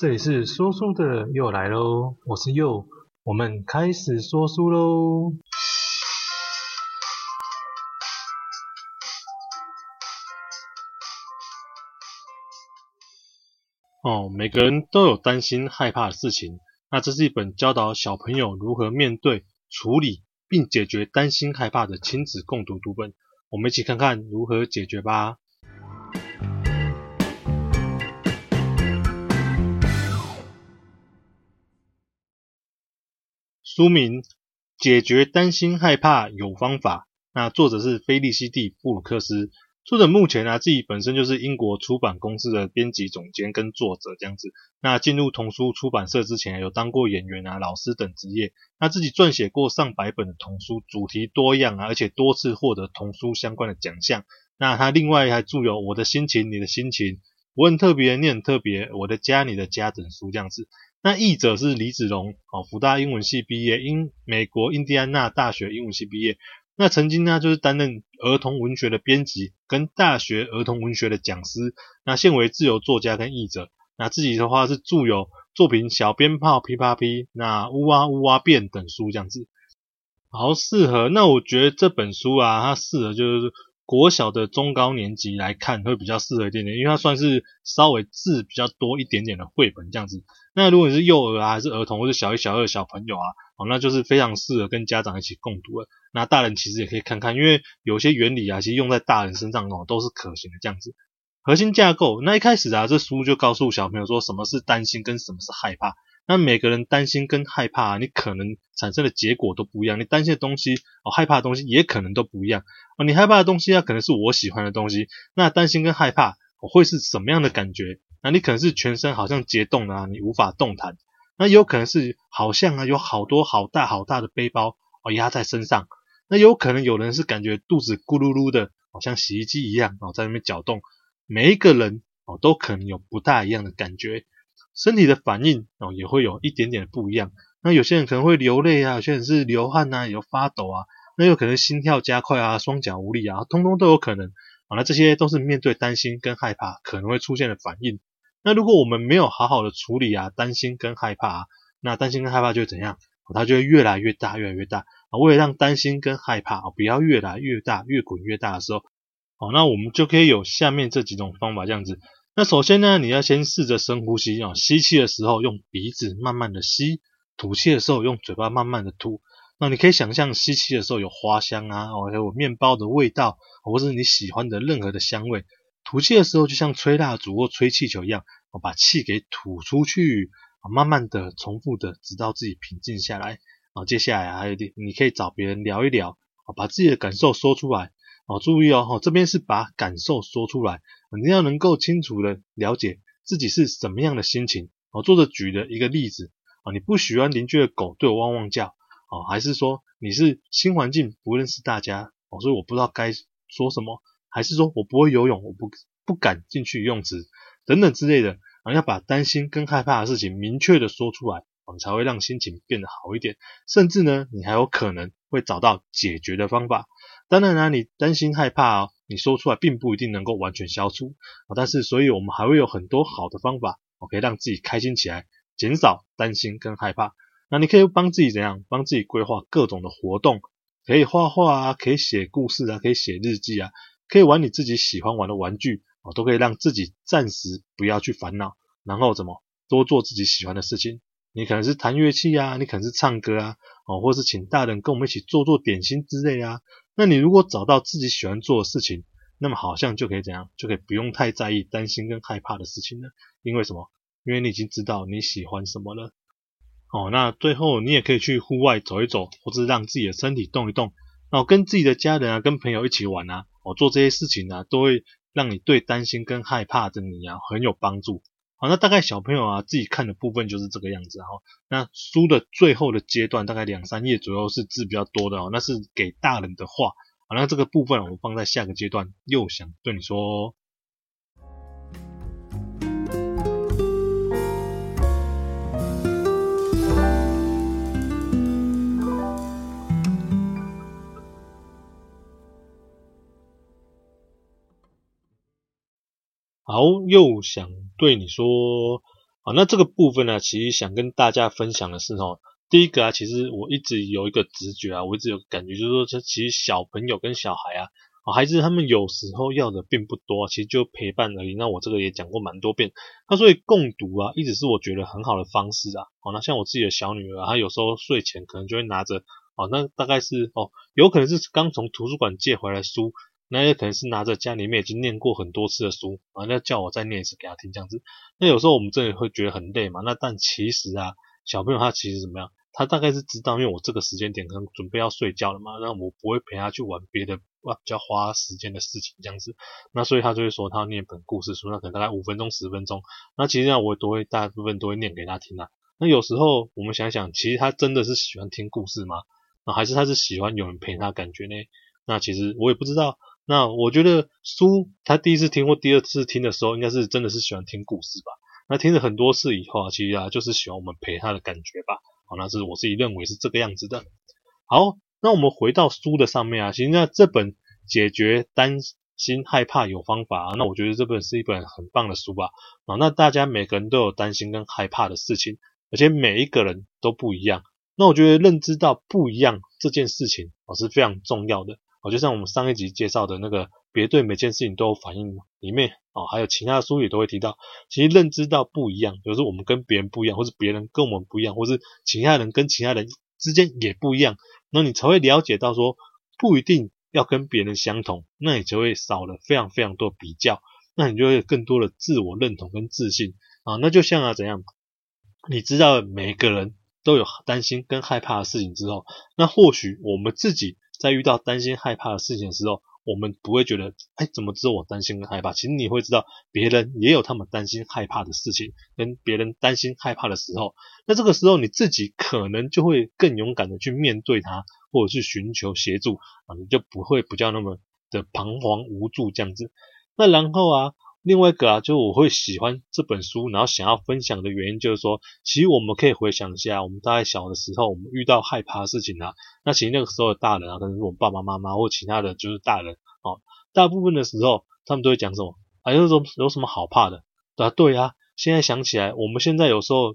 這裡是說書的佑來嘍，我是佑，我們開始說書嘍。哦，每個人都有擔心害怕的事情，那這是一本教導小朋友如何面對、處理，並解決擔心害怕的親子共讀讀本，我們一起看看如何解決吧。書名：解決擔心害怕有方法。那作者是菲利西蒂·布魯克斯。作者目前啊，自己本身就是英國出版公司的編輯總監跟作者這樣子。那進入童書出版社之前，有當過演員啊、老師等職業。那自己撰寫過上百本的童書，主題多樣啊，而且多次獲得童書相關的獎項。那他另外還著有《我的心情》《你的心情》，我很特別，你很特別，《我的家》《你的家》等書這樣子。那譯者是李子榮，哦，輔大英文系畢業，英，美國印第安納大學英文系畢業。那曾經呢，就是擔任兒童文學的編輯，跟大學兒童文學的講師。那現為自由作家跟譯者。那自己的話是著有作品《小鞭炮噼啪噼》，那《烏哇烏哇變》等書這樣子。好適合。那我覺得這本書啊，它適合就是國小的中高年級來看會比較適合一點點，因為它算是稍微字比較多一點點的繪本這樣子。那如果你是幼兒啊，還是兒童，或者小一、小二的小朋友啊，哦，那就是非常適合跟家長一起共讀了。那大人其實也可以看看，因為有些原理啊，其實用在大人身上哦，都是可行的這樣子。核心架構，那一開始啊，這書就告訴小朋友說，什麼是擔心跟什麼是害怕。那每個人擔心跟害怕啊，你可能產生的結果都不一樣。你擔心的東西，哦，害怕的東西也可能都不一樣。哦，你害怕的東西啊，可能是我喜歡的東西。那擔心跟害怕，我，哦，會是什麼樣的感覺？那你可能是全身好像結凍了啊，你無法動彈；那有可能是好像啊，有好多好大好大的背包哦壓在身上；那有可能有人是感覺肚子咕嚕嚕的，好像洗衣機一樣哦在那邊攪動。每一個人哦都可能有不大一樣的感覺，身體的反應哦也會有一點點不一樣。那有些人可能會流淚啊，有些人是流汗啊，有發抖啊，那有可能心跳加快啊，雙腳無力啊，通通都有可能。啊，那這些都是面對擔心跟害怕可能會出現的反應。那如果我們沒有好好的處理啊，擔心跟害怕啊，那擔心跟害怕就會怎樣？它就會越來越大，越來越大啊。為了讓擔心跟害怕啊不要越來越大，越滾越大的時候，哦，那我們就可以有下面這幾種方法這樣子。那首先呢，你要先試着深呼吸啊，吸氣的時候用鼻子慢慢的吸，吐氣的時候用嘴巴慢慢的吐。那你可以想象吸氣的時候有花香啊，哦，還有麵包的味道，或者是你喜歡的任何的香味。吐氣的時候就像吹蠟燭或吹氣球一樣。把氣給吐出去，慢慢的、重複的，直到自己平靜下來。接下來還有點，你可以找別人聊一聊，把自己的感受說出來。注意哦，這邊是把感受說出來，你要能夠清楚的了解自己是什麼樣的心情。我作者舉的一個例子，啊，你不喜歡鄰居的狗對我汪汪叫，啊，還是說你是新環境不認識大家，所以我不知道該說什麼，還是說我不會游泳，我不不敢進去游泳池。等等之類的啊，要把擔心跟害怕的事情明確的說出來，啊，我們才會讓心情變得好一點。甚至呢，你還有可能會找到解決的方法。當然啦，啊，你擔心害怕哦，你說出來並不一定能夠完全消除啊。但是，所以我們還會有很多好的方法，啊，我可以讓自己開心起來，減少擔心跟害怕。那你可以幫自己怎樣？幫自己規劃各種的活動，可以畫畫啊，可以寫故事啊，可以寫日記啊。可以玩你自己喜歡玩的玩具，都可以讓自己暫時不要去煩惱，然後怎麼多做自己喜歡的事情。你可能是彈樂器啊，你可能是唱歌啊，哦，或者是請大人跟我們一起做做點心之類啊。那你如果找到自己喜歡做的事情，那麼好像就可以怎樣，就可以不用太在意擔心跟害怕的事情呢？因為什麼？因為你已經知道你喜歡什麼了。哦，那最後你也可以去戶外走一走，或者讓自己的身體動一動，哦，然後跟自己的家人啊，跟朋友一起玩啊。我做這些事情呢、啊，都會讓你對擔心跟害怕的你啊很有幫助。好，那大概小朋友啊自己看的部分就是這個樣子、啊。哈，那書的最後的階段大概兩三頁左右是字比較多的哦，那是給大人的話。好，那這個部分我放在下個階段又想對你說、哦。好，又想對你說，啊，那這個部分呢、啊，其實想跟大家分享的是哦，第一個啊，其實我一直有一個直覺啊，我一直有感覺，就是說，這其實小朋友跟小孩啊、哦，孩子他們有時候要的並不多，其實就陪伴而已。那我這個也講過蠻多遍，那所以共讀啊，一直是我覺得很好的方式啊。哦，那像我自己的小女兒、啊，她有時候睡前可能就會拿着，哦，那大概是哦，有可能是剛從圖書館借回來書。那也可能是拿着家裡面已經念過很多次的書，然後叫我再念一次給他聽這樣子。那有時候我們真的會覺得很累嘛。那但其實啊，小朋友他其實怎麼樣？他大概是知道，因為我這個時間點可能準備要睡覺了嘛，那我不會陪他去玩別的哇，比較花時間的事情這樣子。那所以他就會說他要念本故事書，那可能大概五分鐘十分鐘。那其實啊，我也都會大部分都會念給他聽啦、啊。那有時候我們想想，其實他真的是喜歡聽故事嗎？啊、還是他是喜歡有人陪他的感覺呢？那其實我也不知道。那我覺得書他第一次聽或第二次聽的時候，應該是真的是喜歡聽故事吧。那聽了很多次以後，啊，其實啊就是喜歡我們陪他的感覺吧。好，那是我自己認為是這個樣子的。好，那我們回到書的上面啊，其實那這本解決擔心害怕有方法啊，那我覺得這本是一本很棒的書吧。好，那大家每個人都有擔心跟害怕的事情，而且每一個人都不一樣。那我覺得認知到不一樣這件事情啊是非常重要的。就像我們上一集介紹的那個，別對每件事情都有反應裡面哦，還有其他的書也都會提到，其實認知到不一樣，比如說我們跟別人不一樣，或是別人跟我們不一樣，或是其他人跟其他人之間也不一樣，那你才會了解到說，不一定要跟別人相同，那你就會少了非常非常多比較，那你就會有更多的自我認同跟自信啊。那就像啊怎樣，你知道每個人都有擔心跟害怕的事情之後，那或許我們自己。在遇到擔心害怕的事情的時候，我們不會覺得，哎，怎麼只有我擔心跟害怕？其實你會知道，別人也有他們擔心害怕的事情，跟別人擔心害怕的時候，那這個時候你自己可能就會更勇敢的去面對它，或者去尋求協助啊，你就不會比較那麼的彷徨無助這樣子。那然後啊。另外一個啊，就是我會喜歡這本書，然後想要分享的原因，就是說，其實我們可以回想一下，我們大概小的時候，我們遇到害怕的事情啊，那其實那個時候的大人啊，可能是我爸爸媽媽，媽或其他的就是大人哦，大部分的時候他們都會講什麼，好像說有什麼好怕的啊，對啊。現在想起來，我們現在有時候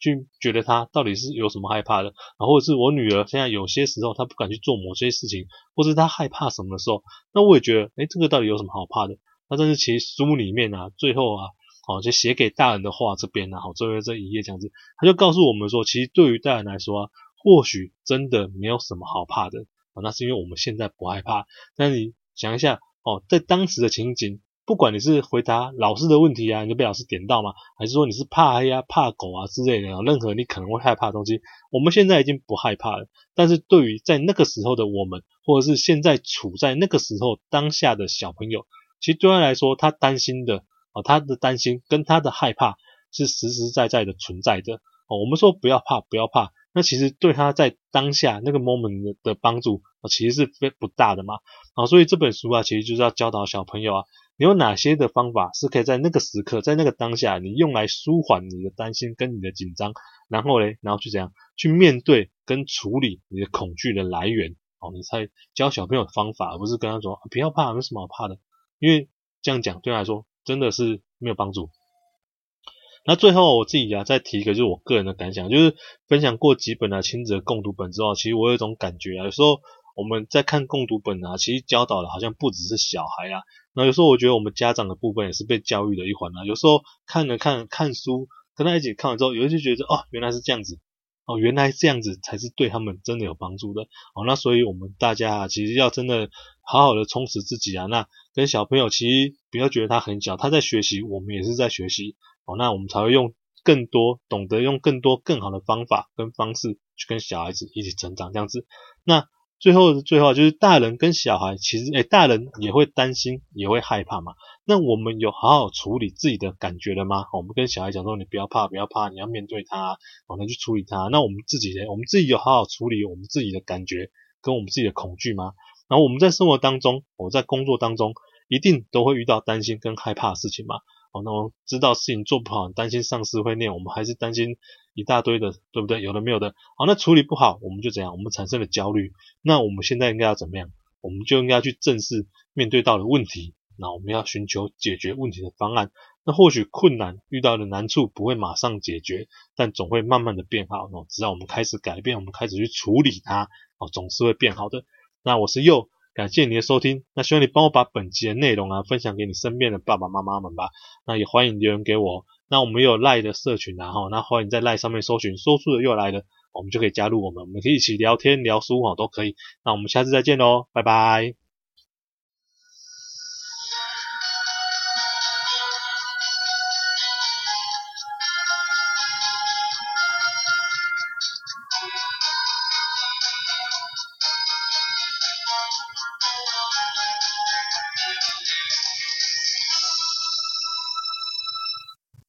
就覺得他到底是有什麼害怕的，啊、或者是我女兒現在有些時候她不敢去做某些事情，或者她害怕什麼的時候，那我也覺得，哎，這個到底有什麼好怕的？那但是其實書裡面啊，最後啊，哦、喔，就寫給大人的話這邊呢、啊，好、喔、最後這一頁這樣子，他就告訴我們說，其實對於大人來說啊，或許真的沒有什麼好怕的啊、喔，那是因為我們現在不害怕。那你想一下哦、喔，在當時的情景，不管你是回答老師的問題啊，你就被老師點到嗎？還是說你是怕黑啊、怕狗啊之類的，任何你可能會害怕的東西，我們現在已經不害怕了。但是對於在那個時候的我們，或者是現在處在那個時候當下的小朋友。其實對他來說，他擔心的哦，他的擔心跟他的害怕是實實在在的存在的哦。我們說不要怕，不要怕，那其實對他在當下那個 moment 的幫助其實是非不大的嘛。啊，所以這本書啊，其實就是要教導小朋友啊，你有哪些的方法是可以在那個時刻，在那個當下，你用來舒緩你的擔心跟你的緊張，然後嘞，然後去怎樣去面對跟處理你的恐懼的來源哦。你才教小朋友的方法，而不是跟他說，啊，不要怕，沒什麼好怕的。因為這樣講對他來說真的是沒有幫助。那最後我自己啊再提一個就是我個人的感想，就是分享過幾本啊親子的共讀本之後，其實我有一種感覺啊，有時候我們在看共讀本啊，其實教導的好像不只是小孩啊。那有時候我覺得我們家長的部分也是被教育的一環啊。有時候看了看看書，跟他一起看完之後，有一些覺得就哦原來是這樣子。哦，原來這樣子才是對他們真的有幫助的。哦，那所以我們大家啊，其實要真的好好的充實自己啊，那跟小朋友其實不要覺得他很小，他在學習，我們也是在學習。哦，那我們才會用更多，懂得用更多更好的方法跟方式去跟小孩子一起成長，這樣子。那最後，最後就是大人跟小孩，其實誒、欸，大人也會擔心，也會害怕嘛。那我們有好好處理自己的感覺了嗎？我們跟小孩講說，你不要怕，不要怕，你要面對他，然後去處理他。那我們自己呢，我們自己有好好處理我們自己的感覺跟我們自己的恐懼嗎？然後我們在生活當中，我們在工作當中，一定都會遇到擔心跟害怕的事情嘛。那我知道事情做不好，擔心上司會念，我們還是擔心一大堆的，對不對？有的沒有的，好，那處理不好，我們就怎樣？我們產生了焦慮。那我們現在應該要怎麼樣？我們就應該要去正視面對到的問題。那我們要尋求解決問題的方案。那或許困難遇到的難處不會馬上解決，但總會慢慢的變好。哦，只要我們開始改變，我們開始去處理它，哦，總是會變好的。那我是佑。感謝你的收聽，那希望你幫我把本集的內容啊分享給你身邊的爸爸媽媽們吧。那也歡迎留言給我。那我們有 LINE 的社群啊哈，那歡迎在 LINE 上面搜尋，搜出的又來了，我們就可以加入我們，我們可以一起聊天聊書啊都可以。那我們下次再見嘍，拜拜。